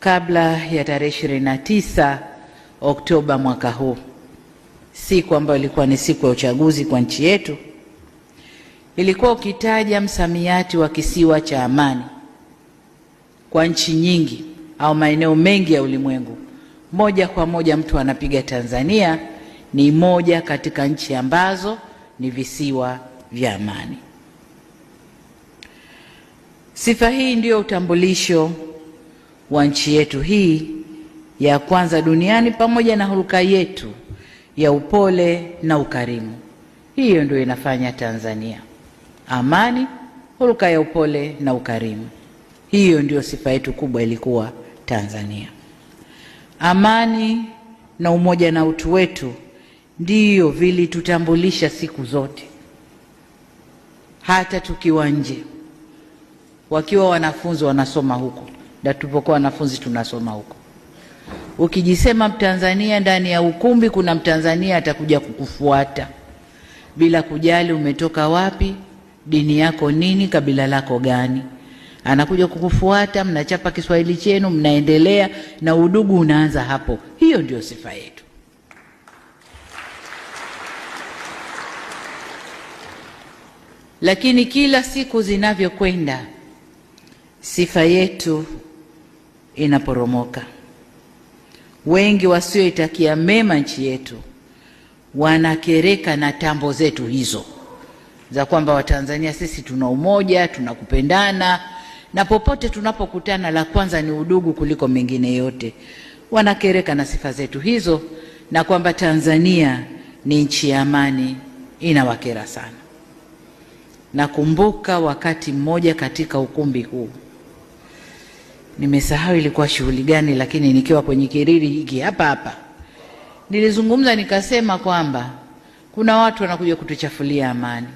kabla ya tarehe 29 Oktoba mwaka huu, siku ambayo ilikuwa ni siku ya uchaguzi kwa nchi yetu. Ilikuwa ukitaja msamiati wa kisiwa cha amani kwa nchi nyingi au maeneo mengi ya ulimwengu, moja kwa moja mtu anapiga Tanzania ni moja katika nchi ambazo ni visiwa vya amani. Sifa hii ndiyo utambulisho wa nchi yetu hii ya kwanza duniani pamoja na hulka yetu ya upole na ukarimu. Hiyo ndio inafanya Tanzania amani, hulka ya upole na ukarimu. Hiyo ndio sifa yetu kubwa, ilikuwa Tanzania. Amani na umoja na utu wetu ndiyo vilitutambulisha siku zote, hata tukiwa nje wakiwa wanafunzi wanasoma huko, na tulipokuwa wanafunzi tunasoma huko. Ukijisema Mtanzania ndani ya ukumbi, kuna Mtanzania atakuja kukufuata bila kujali umetoka wapi, dini yako nini, kabila lako gani, anakuja kukufuata. Mnachapa Kiswahili chenu, mnaendelea na udugu, unaanza hapo. Hiyo ndio sifa yetu. Lakini kila siku zinavyokwenda sifa yetu inaporomoka. Wengi wasioitakia mema nchi yetu wanakereka na tambo zetu hizo za kwamba Watanzania sisi tuna umoja, tunakupendana na popote tunapokutana, la kwanza ni udugu kuliko mengine yote. Wanakereka na sifa zetu hizo na kwamba Tanzania ni nchi ya amani, inawakera sana. Nakumbuka wakati mmoja katika ukumbi huu nimesahau ilikuwa shughuli gani, lakini nikiwa kwenye kiriri hiki hapa hapa nilizungumza nikasema kwamba kuna watu wanakuja kutuchafulia amani,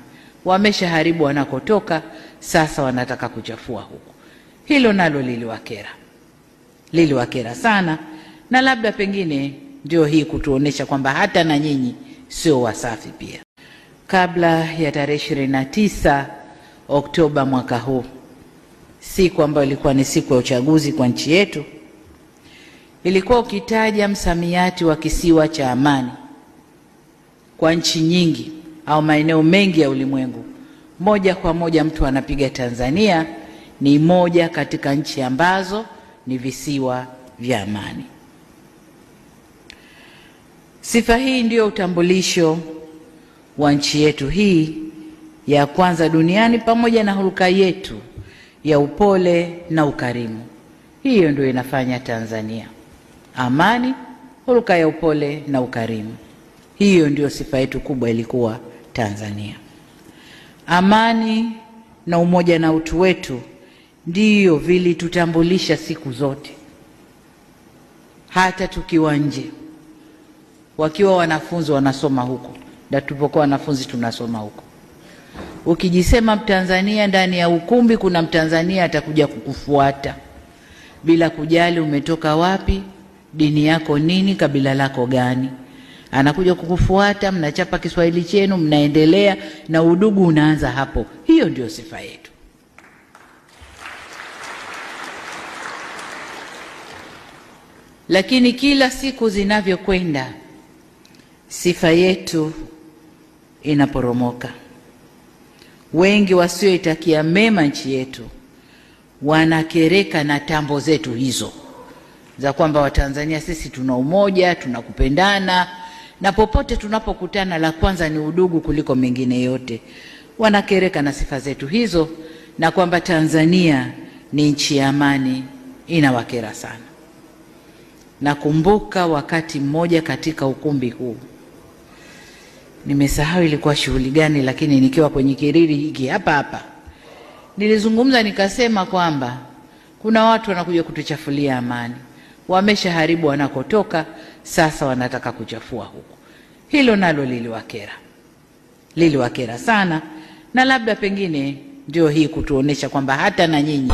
wameshaharibu wanakotoka, sasa wanataka kuchafua huku. Hilo nalo liliwakera, liliwakera sana, na labda pengine ndio hii kutuonesha kwamba hata na nyinyi sio wasafi pia. Kabla ya tarehe 29 Oktoba mwaka huu siku ambayo ilikuwa ni siku ya uchaguzi kwa nchi yetu, ilikuwa ukitaja msamiati wa kisiwa cha amani kwa nchi nyingi au maeneo mengi ya ulimwengu, moja kwa moja mtu anapiga Tanzania ni moja katika nchi ambazo ni visiwa vya amani. Sifa hii ndiyo utambulisho wa nchi yetu hii ya kwanza duniani pamoja na hulka yetu ya upole na ukarimu. Hiyo ndio inafanya Tanzania amani, hulka ya upole na ukarimu. Hiyo ndio sifa yetu kubwa ilikuwa Tanzania. Amani na umoja na utu wetu ndiyo vilitutambulisha siku zote, hata tukiwa nje, wakiwa wanafunzi wanasoma huko, na tulipokuwa wanafunzi tunasoma huko. Ukijisema Mtanzania ndani ya ukumbi, kuna Mtanzania atakuja kukufuata bila kujali umetoka wapi, dini yako nini, kabila lako gani, anakuja kukufuata. Mnachapa Kiswahili chenu, mnaendelea na udugu, unaanza hapo. Hiyo ndio sifa yetu. Lakini kila siku zinavyokwenda, sifa yetu inaporomoka wengi wasioitakia mema nchi yetu wanakereka na tambo zetu hizo za kwamba Watanzania sisi tuna umoja, tunakupendana na popote tunapokutana, la kwanza ni udugu kuliko mengine yote. Wanakereka na sifa zetu hizo, na kwamba Tanzania ni nchi ya amani, inawakera sana. Nakumbuka wakati mmoja katika ukumbi huu nimesahau ilikuwa shughuli gani, lakini nikiwa kwenye kiriri hiki hapa hapa nilizungumza nikasema kwamba kuna watu wanakuja kutuchafulia amani, wameshaharibu wanakotoka, sasa wanataka kuchafua huku. Hilo nalo liliwakera, liliwakera sana, na labda pengine ndio hii kutuonesha kwamba hata na nyinyi